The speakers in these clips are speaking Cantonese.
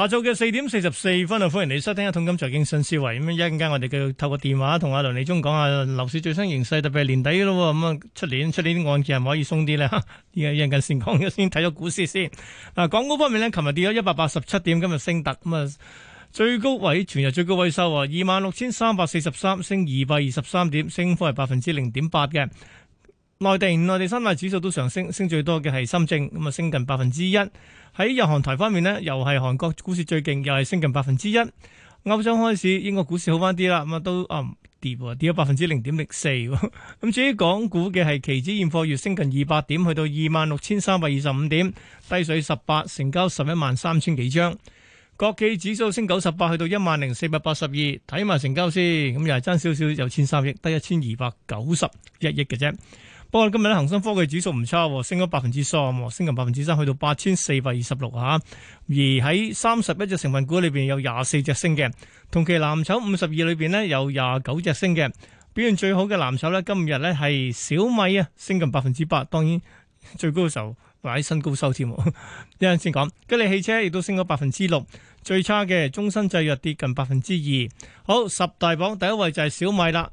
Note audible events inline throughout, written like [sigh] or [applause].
下晝嘅四點四十四分啊，歡迎你收聽一《一桶金財經新思維》咁樣一陣間，我哋繼續透過電話同阿梁理中講下樓市最新形勢，特別係年底咯咁啊，出年出年啲案件係唔可以鬆啲咧吓？而家一陣間先講，先睇咗股市先。嗱、啊，港股方面呢，琴日跌咗一百八十七點，今日升特咁啊，最高位全日最高位收二萬六千三百四十三，26, 3, 升二百二十三點，升幅係百分之零點八嘅。內地內地三大指數都上升，升最多嘅係深證，咁啊升近百分之一。喺日韓台方面呢，又係韓國股市最勁，又係升近百分之一。歐洲開始，英國股市好翻啲啦，咁啊都啊跌跌咗百分之零點零四。咁 [laughs] 至於港股嘅係期指現貨，月升近二百點，去到二萬六千三百二十五點，低水十八，成交十一萬三千幾張。國企指數升九十八，去到一萬零四百八十二，睇埋成交先，咁又係爭少少，有千三億，得一千二百九十一億嘅啫。不過今日咧，恒生科技指數唔差，升咗百分之三，升近百分之三，去到八千四百二十六吓。而喺三十一隻成分股裏邊，有廿四隻升嘅。同期藍籌五十二裏邊呢，有廿九隻升嘅。表現最好嘅藍籌呢，今日呢係小米啊，升近百分之八。當然最高嘅時候擺新高收添。一陣先講，吉利汽車亦都升咗百分之六。最差嘅中生製藥跌近百分之二。好，十大榜第一位就係小米啦。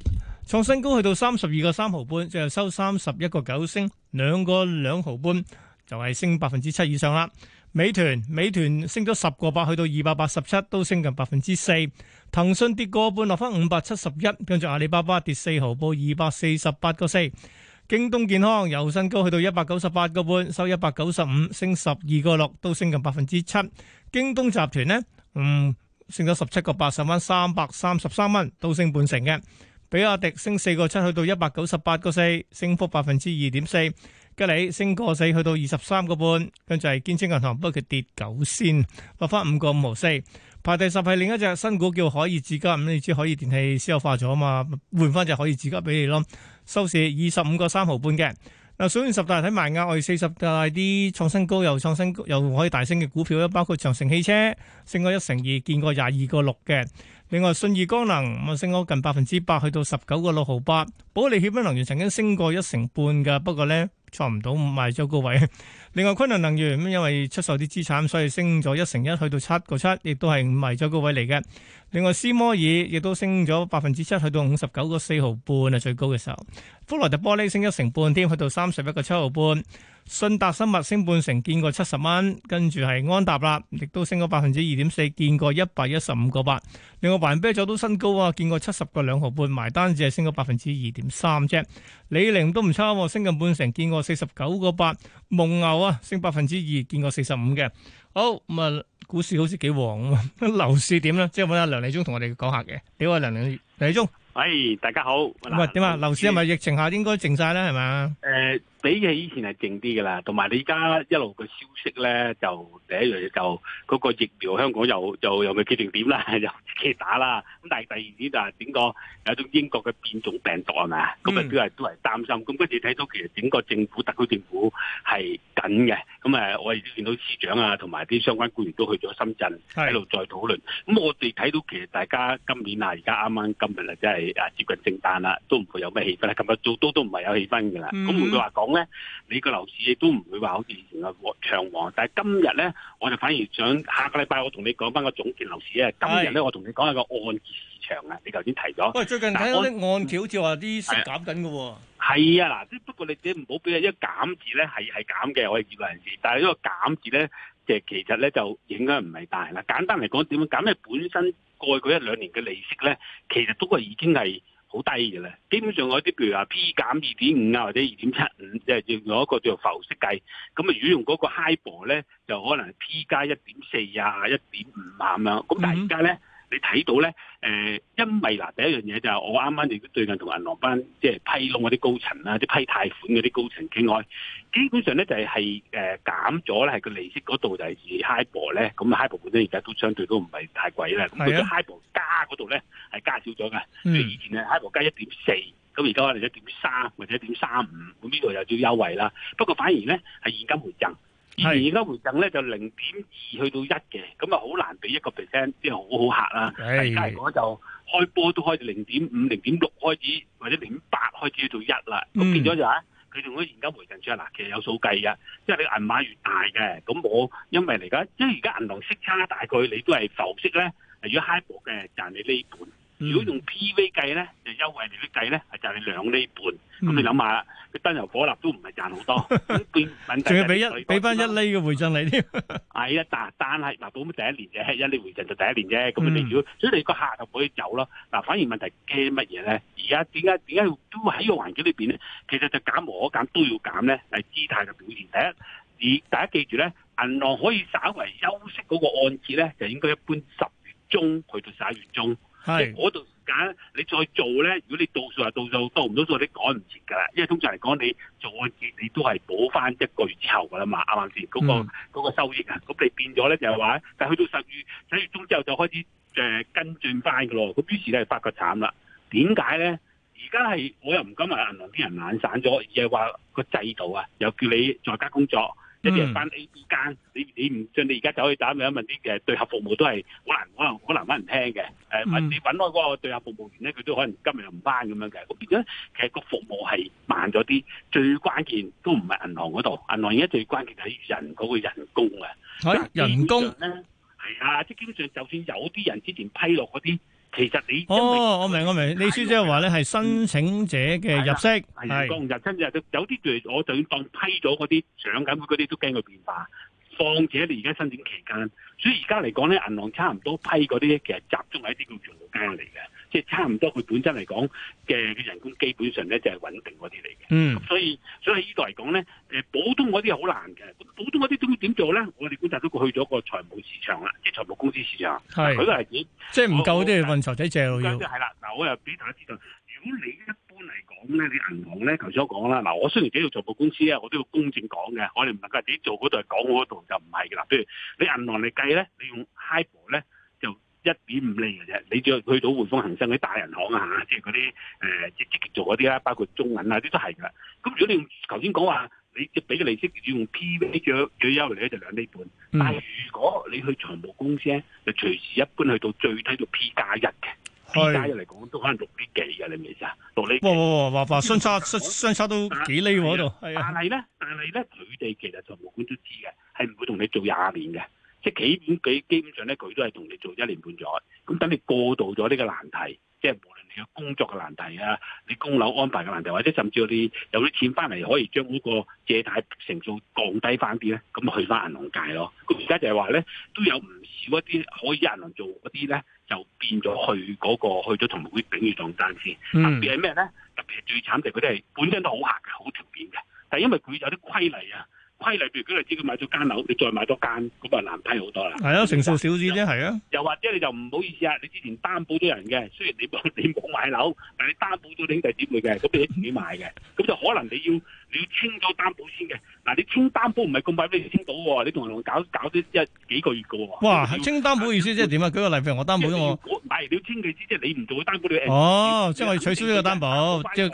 創新高去到三十二個三毫半，最後收三十一個九，升兩個兩毫半，就係、是、升百分之七以上啦。美團美團升咗十個八，去到二百八十七，都升近百分之四。騰訊跌個半，落翻,五百七十一，跟住,阿里巴巴跌四毫，報二百四十八個四。京東健康由新高去到一百九十八個半，收一百九十五，升十二個六，都升近百分之七。京東集團呢，嗯，升咗十七個八，十蚊，三百三十三蚊，都升半成嘅。比亞迪升四個七去到一百九十八個四，升幅百分之二點四。吉利升個四去到二十三個半，跟住係建設銀行，不過佢跌九仙，落翻五個五毫四。排第十係另一隻新股叫海爾智家，咁你知海爾電器私有化咗啊嘛，換翻隻海爾智家俾你咯。收市二十五個三毫半嘅。嗱，所以十大睇埋額外四十大啲創新高又創新又可以大升嘅股票咧，包括長城汽車升過一成二，見過廿二個六嘅。另外，信義光能咁啊，升咗近百分之八，去到十九個六毫八。保利協鑫能源曾經升過一成半噶，不過咧，坐唔到，賣咗高位。另外，昆侖能源咁因為出售啲資產，所以升咗一成一，去到七個七，亦都係賣咗高位嚟嘅。另外，斯摩爾亦都升咗百分之七，去到五十九個四毫半啊，最高嘅時候。福萊特玻璃升一成半添，去到三十一個七毫半。信達生物升半成，見過七十蚊，跟住係安踏啦，亦都升咗百分之二點四，見過一百一十五個八。另外環啤酒都新高啊，見過七十個兩毫半，埋單只係升咗百分之二點三啫。李寧都唔差，升近半成，見過四十九個八。蒙牛啊，升百分之二，見過四十五嘅。好咁啊，嗯，股市好似幾旺咁樓市點咧？即係問下梁理中同我哋講下嘅。你好梁理，梁理中。喂，大家好。喂，嗯，點啊，嗯呃？樓市係咪，呃、疫情下應該靜晒呢？係咪？誒，呃。比起以前係靜啲噶啦，同埋你而家一路嘅消息咧，就第一樣嘢就嗰個疫苗，香港又又又未決定點啦，又自己打啦。咁但係第二點就係整個有種英國嘅變種病毒係咪啊？咁啊、嗯、都係都係擔心。咁跟住睇到其實整個政府特區政府係緊嘅。咁啊，我哋都見到市長啊，同埋啲相關官員都去咗深圳喺度再討論。咁是我哋睇到其實大家今年啊，而家啱啱今日啊，真係啊接近聖誕啦，都唔會有咩氣氛啦。咁日都都都唔係有氣氛㗎啦。咁換句話咧，你個樓市亦都唔會話好似以前嘅長旺，但係今日咧，我就反而想下個禮拜我同你講翻個總結樓市咧。今日咧，的我同你講下個按揭市場啊，你頭先提咗。喂，最近睇啲按條條話啲息減緊嘅喎。係啊，嗱，不過你自己唔好俾啊，因為減字咧係係減嘅，我係業內人士。但係呢個減字咧，即係其實咧就影響唔係大啦。簡單嚟講，點樣減？本身過去一兩年嘅利息咧，其實都係已經係。好低嘅咧，基本上有啲譬如話 P 減二點五啊，或者二點七五，即係用用一個叫做浮息計。咁啊，如果用嗰個 HIBOR 咧，就可能係 P 加一點四啊、一點五啊咁樣。咁但係而家咧。你睇到咧，誒，因為嗱第一樣嘢就係我啱啱亦都最近同銀行班，即係批到嗰啲高層啦，啲批貸款嗰啲高層傾開，基本上咧就係誒減咗咧，係個利息嗰度就係 high bor 咧，咁 high bor 咧而家都相對都唔係太貴啦，咁佢個 high bor 加嗰度咧係加少咗嘅，即係以前咧 high bor 加一點四，咁而家可能一點三或者一點三五，咁呢度又要優惠啦。不過反而咧係現金回贈。而而家回贈咧就零點二去到一嘅，咁啊好難俾一 Okay. 個 percent，即係好好客啦。而家我就開波都開到零點五、零點六開始，或者零點八開始去到一啦。咁變咗就話、是，佢仲可以而家回贈出嗱，其實有數計嘅。即、就、係、是、你銀碼越大嘅，咁我因為嚟緊，即係而家銀行息差大概你都係浮息咧。如果 high 博嘅就賺你呢本。嗯、如果用 P V 計咧，就優惠嚟計咧，係賺你兩厘半。咁、嗯、你諗下啦，佢燈油火蠟都唔係賺好多。仲要俾一俾翻一厘嘅回贈你添。哎 [laughs] 呀，但但係嗱，到第一年啫，一厘回贈就第一年啫。咁你如果所以你個客就可以走咯。嗱，反而問題驚乜嘢咧？而家點解點解都喺個環境裏邊咧？其實就減無可減都要減咧，係姿態嘅表現。第一，而大家記住咧，銀行可以稍微休息嗰個按揭咧，就應該一般十月中去到十一月中。係嗰是段時間，你再做咧，如果你到數啊，到數到唔到數，到到數，你趕唔切㗎啦。因為通常嚟講，你做按揭你都係補翻一個月之後㗎啦嘛，啱唔啱先？嗰、嗯、個嗰收益啊，咁你變咗咧就係話，但去到十月十月中之後就開始誒、呃、跟進翻㗎咯。咁於是咧發覺慘啦，點解咧？而家係我又唔敢話銀行啲人懶散咗，而係話個制度啊，又叫你在家工作。嗯、你哋翻 A P 間，你你唔信你而家走去打電話問啲嘅對客服務都係好難，可能好難揾人聽嘅。誒、呃、問你揾開嗰個對客服務員咧，佢都可能今日又唔翻咁樣嘅。咁變咗，其實個服務係慢咗啲。最關鍵都唔係銀行嗰度，銀行而家最關鍵係人嗰、嗰個人工啊。人工咧，係啊，即係基本上工是，就算有啲人之前批落嗰啲。其實你因，哦，我明我明，李小姐話咧，係申請者嘅入息係講日親日都有啲，我就算當批咗嗰啲相咁，嗰啲都驚佢變化。況且你而家申請期間，所以而家嚟講咧，銀行差唔多批嗰啲，其實集中喺啲叫做務嚟嘅。即係差唔多，佢本身嚟講嘅嘅人工基本上咧就係穩定嗰啲嚟嘅。嗯所，所以所以喺呢度嚟講咧，誒普通嗰啲好難嘅。普通嗰啲都要點做咧？我哋觀察都去咗個財務市場啦，即係財務公司市場。係佢個係點？就是、即係唔夠都要揾傻仔借要。咁、嗯、就係、是、啦。嗱、嗯，我又俾大家知道，如果你一般嚟講咧，你銀行咧頭先我講啦。嗱、嗯，我雖然自己做財務公司啊，我都要公正講嘅。我哋唔能夠自己做嗰度講，我嗰度就唔係嘅啦。譬如你銀行嚟計咧，你用 HIBOR 咧。一點五厘嘅啫，你再去到匯豐、恒生嗰啲大銀行啊，嚇、呃，即係嗰啲誒，即係積極做嗰啲啦，包括中銀啊，啲都係㗎。咁如果你頭先講話，你即係俾嘅利息，用 PV 約最優惠咧就兩厘半。嗯、但係如果你去財務公司咧，就隨時一般去到最低到 P 加一嘅，P 加一嚟講都可能六厘幾㗎，你明唔明先啊？六厘。哇哇哇！話話相差相差都幾厘喎？嗰度係啊。這但係咧，哎、呀但係咧，佢哋其實財務官都知嘅，係唔會同你做廿年嘅。即係基本佢基本上咧，佢都係同你做一年半載。咁等你過渡咗呢個難題，即係無論你有工作嘅難題啊，你供樓安排嘅難題，或者甚至我哋有啲錢翻嚟，可以將嗰個借貸成數降低翻啲咧，咁去翻銀行界咯。咁而家就係話咧，都有唔少一啲可以喺銀行做嗰啲咧，就變咗去嗰、那個去咗同業會頂住撞單先。特別係咩咧？特別係最慘就佢哋係本身都好客嘅，好條件嘅，但係因為佢有啲規例啊。規例譬如舉例子，佢買咗間樓，你再買多間，咁啊難批好多啦。係啊的，成數少啲啫，係啊、呃。又或者你就唔好意思啊，你之前擔保咗人嘅，雖然你冇你冇買樓，但係你擔保咗你兄弟姊妹嘅，咁你自己買嘅，咁就可能你要你要清咗擔保先嘅。嗱、啊，你清擔保唔係咁快可以清到喎、哦，你同人哋搞啲咗一幾個月嘅喎、哦。哇，要清擔保意思即係點啊？舉個例譬如我擔保咗我。唔係，你要清佢知即係你唔做擔保你。哦，我哦即係我要取消呢個擔保即。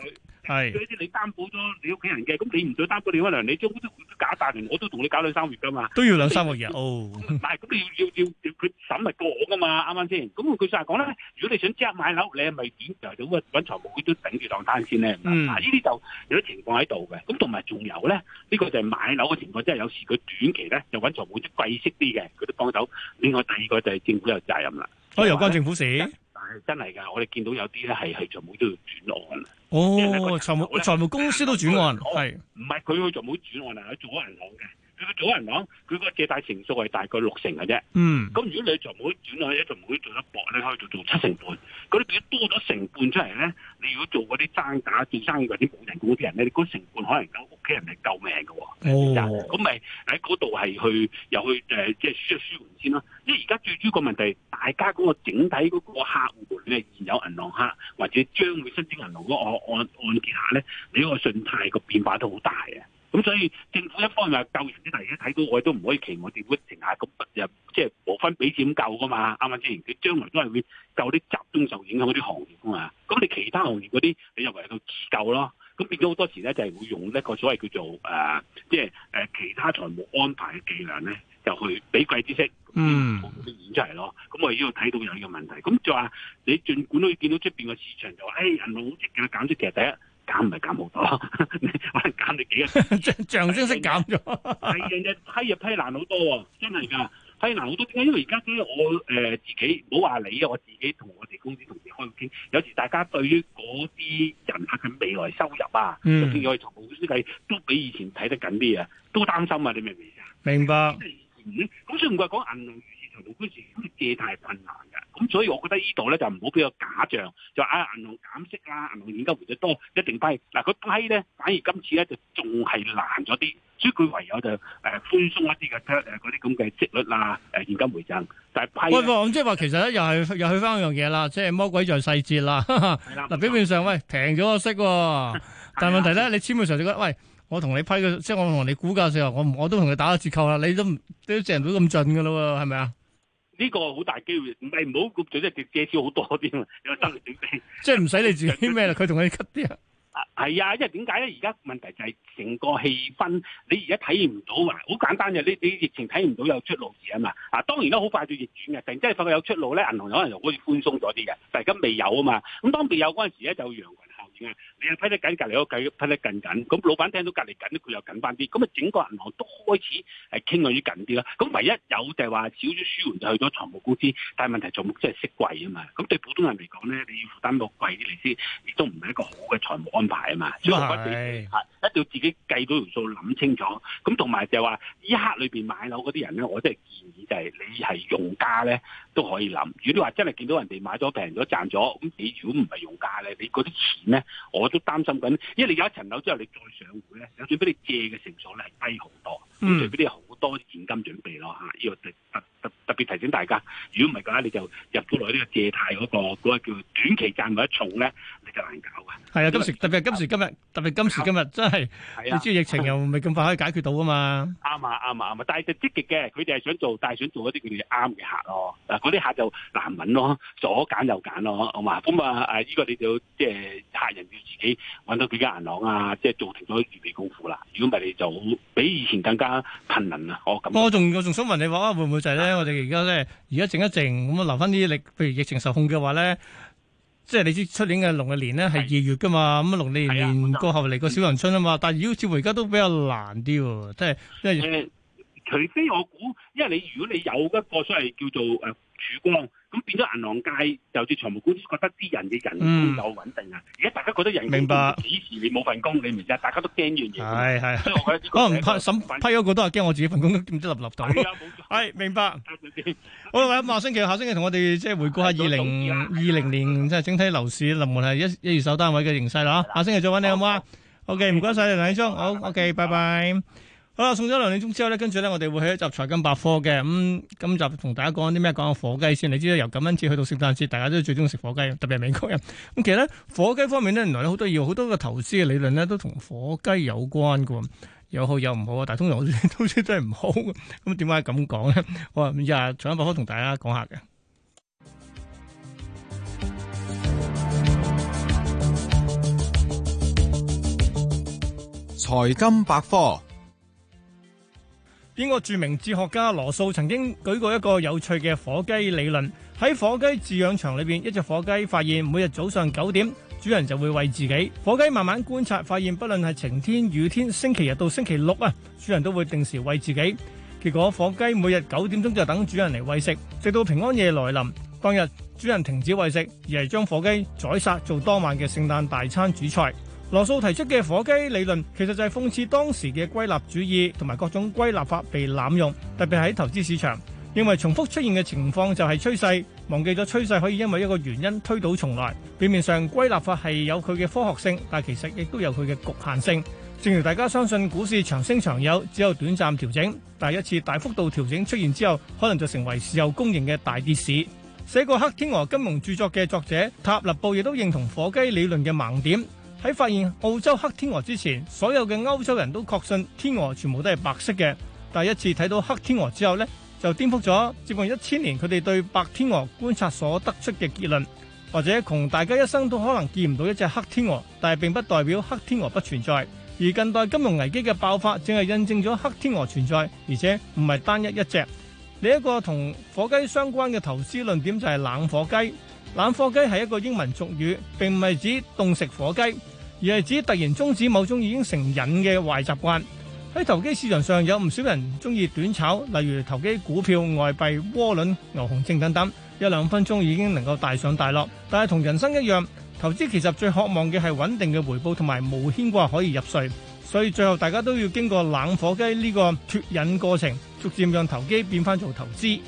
係，所以啲你擔保咗你屋企人嘅，咁你唔再擔保你嗰個梁，你租都假大，嚟，我都同你搞兩三個月噶嘛，都要兩三個月。哦，唔係，咁你要要要佢審咪過我噶嘛？啱啱先？咁佢就係講咧，如果你想即刻買樓，你係咪點就就咁啊？搵財務會都頂住當單先咧？嗱，呢啲就有啲情況喺度嘅。咁同埋仲有咧，呢、這個就係買樓嘅情況，即係有時佢短期咧就搵財務會貴都貴息啲嘅，佢都幫手。另外第二個就係政府有責任啦。好、就是，又關政府事。 [music] [music] 係真係噶，我哋見到有啲咧係係財務都要轉案啊！哦，個財務，財務公司都轉案，係唔係佢去財務轉案啊？佢做咗銀行嘅，佢個做銀行，佢個借貸成數係大概六成嘅啫。嗯，咁如果你財務轉案咧，財務做得薄，你可以做做七成半。嗰啲如果多咗成半出嚟咧，你如果做嗰啲爭假做生意嗰啲冇人工啲人咧，嗰成半可能夠。佢人唔係救命嘅？哦，咁咪喺嗰度係去又去誒，即係舒舒緩先啦。因為而家最主要個問題，大家嗰個整體嗰個客戶咧，現有銀行客或者將會申請銀行嗰個按按揭客咧，你個信貸個變化都好大嘅。咁所以政府一方面話救人，啲大家睇到我哋都唔可以期望政府停下咁入，即係無分彼此咁救噶嘛？啱唔啱先？佢將來都係會救啲集中受影響嗰啲行業啊嘛。咁你其他行業嗰啲，你又維持自救咯。咁變咗好多時咧，就係會用一個所謂叫做誒、啊，即係誒其他財務安排嘅伎倆咧，就去俾貴知識，嗯演出嚟咯。咁我依度睇到有呢個問題。咁就話你儘管都會見到出面個市場就話，誒銀行好積極減息，其實第一減唔係減好多， [laughs] 可能減你幾啊， [laughs] 象徵式減咗。第二日批又批難好多喎，真係㗎。係嗱，好多因為而家咧，我、呃、誒自己唔好話你啊，我自己同我哋公司同事開會傾，有時大家對於嗰啲人客嘅未來收入啊，甚至可以從簿書計都比以前睇得緊啲啊，都擔心啊，你明唔明啊？明白。咁所以唔怪講銀行業。同時都借貸困難嘅，咁所以我覺得呢度咧就唔好俾個假象，就嗌銀行減息啦，銀行現金回贈多一定批。嗱，佢批咧反而今次咧就仲係難咗啲，所以佢唯有就誒寬鬆一啲嘅誒嗰啲咁嘅息率啦，誒現金回贈。但係批，喂咁即係話其實咧又係、嗯、又去翻一樣嘢啦，即係魔鬼在細節啦。嗱，表面上喂停咗個息了， [laughs] 但係問題咧， [laughs] 你簽約嘗試覺得，喂，我同你批嘅，即、就、係、是、我同你估價嘅時候，我我都同你打個折扣啦，你都你都賺唔到咁盡㗎咯喎，係咪啊？呢個好大機會，唔係唔好局最緊要借少好多啲啊！即係唔使你自己咩啦，佢仲可以 cut 啲啊！係啊，因為點解咧？而家問題就係成個氣氛，你而家體驗唔到啊！好簡單嘅，你你疫情體驗唔到有出路字啊嘛！啊，當然都好快就逆轉嘅，突然真係發覺有出路咧，銀行有可能又好似寬鬆咗啲嘅，但係而家未有啊嘛！咁、啊、當未有嗰陣時咧，就你又批得緊，隔離屋計批得緊緊，咁老闆聽到隔離緊，佢又緊翻啲，咁啊整個銀行都開始係傾向於緊啲啦。咁唯一有就係話少少舒緩就去咗財務公司，但係問題財務真係息貴啊嘛。咁對普通人嚟講咧，你要負擔到貴啲嚟先，亦都唔係一個好嘅安排啊嘛，所以唔一定要自己計到條數，諗清楚。咁同埋就係話，一刻裏邊買樓嗰啲人咧，我真係建議就係你係用家咧都可以諗。如果你話真係見到人哋買咗平咗賺咗，咁你如果唔係用家咧，你嗰啲錢咧我都擔心緊，因為你有一層樓之後你再上會咧，就算俾你借嘅成數咧係低好多，咁除非你好多現金準備咯嚇。呢個特別提醒大家，如果唔係嘅話，你就入到來呢個借貸嗰、嗰個嗰個叫短期間嘅一重咧，你就難搞嘅。係啊，今時為特別今時今日，啊、特別今時今日真係，啊、你知疫情又唔係咁快可以解決到啊嘛。啱啊，啱啊，啱啊，啊，啊！但係就積極嘅，佢哋係想做，但係想做嗰啲叫啱嘅客咯。嗰啲客就難揾咯，左揀右揀咯，好嘛？咁啊、就是，呢個你就即係客人要自己揾到幾間銀行啊，即、就、係、是、做停咗預備功夫啦。如果唔係，你就好比以前更加煩難啦。我感覺我仲我仲想問你話啊，會唔會就係咧我哋？啊而家咧，而家靜一靜，咁啊留翻啲力。譬如疫情受控嘅話咧，即係你知出年嘅農曆年咧係二月㗎嘛，咁啊農曆年年過後嚟個小陽春啊嘛，但係如果似乎而家都比較難啲喎，即係即係。除非、呃、我估，因為你如果你有一個所謂叫做誒。呃曙光咁變咗，銀行界就好似財務公司，覺得啲人嘅人工有穩定啊！而家大家覺得人工幾時你冇份工，你唔知大家都驚完嘢。係係，可能審批咗個都係驚我自己份工都唔知立唔立到。係明白。好，咁下星期、下星期同我哋即係回顧下二零二零年即係整體樓市、樓盤係一二手單位嘅形勢啦。下星期再揾你好唔好啊？OK，唔該曬你，梁理中。好 OK，拜拜。好啦，送咗兩點鐘之後咧，跟住咧，我哋會去一集財金百科嘅。咁，今集同大家講啲咩？講下火雞先。你知道由感恩節去到聖誕節，大家都最中意食火雞，特別係美國人。咁、嗯、其實咧，火雞方面咧，原來好多要好多嘅投資嘅理論咧，都同火雞有關噶，有好有唔好啊。但係通，通常都真係唔好。咁點解咁講咧？我啊，財金百科同大家講下嘅財金百科。英國著名哲學家羅素曾經舉過一個有趣嘅火雞理論，喺火雞飼養場裏邊，一隻火雞發現每日早上九點主人就會餵自己。火雞慢慢觀察發現，不論係晴天、雨天、星期日到星期六啊，主人都會定時餵自己。結果火雞每日九點鐘就等主人嚟餵食，直到平安夜來臨，當日主人停止餵食，而係將火雞宰殺做當晚嘅聖誕大餐主菜。羅素提出嘅火雞理論，其實就係諷刺當時嘅歸納主義同埋各種歸納法被濫用，特別喺投資市場，認為重複出現嘅情況就係趨勢，忘記咗趨勢可以因為一個原因推倒重來。表面上歸納法係有佢嘅科學性，但其實亦都有佢嘅局限性。正如大家相信股市長升長有，只有短暫調整，但一次大幅度調整出現之後，可能就成為事後公認嘅大跌市。寫過《黑天鵝金融著作》嘅作者塔立布亦都認同火雞理論嘅盲點。喺發現澳洲黑天鵝之前，所有嘅歐洲人都確信天鵝全部都係白色嘅。第一次睇到黑天鵝之後呢就顛覆咗接近一千年佢哋對白天鵝觀察所得出嘅結論。或者窮大家一生都可能見唔到一隻黑天鵝，但係並不代表黑天鵝不存在。而近代金融危機嘅爆發，正係印證咗黑天鵝存在，而且唔係單一一隻。另、這、一個同火雞相關嘅投資論點就係冷火雞。冷火雞係一個英文俗語，並唔係指凍食火雞。而係指突然中止某種已經成癮嘅壞習慣。喺投機市場上有唔少人中意短炒，例如投機股票、外幣、窩輪、牛熊證等等，一兩分鐘已經能夠大上大落。但係同人生一樣，投資其實最渴望嘅係穩定嘅回報同埋無牽掛可以入睡。所以最後大家都要經過冷火雞呢個脱癮過程，逐漸讓投機變返做投資。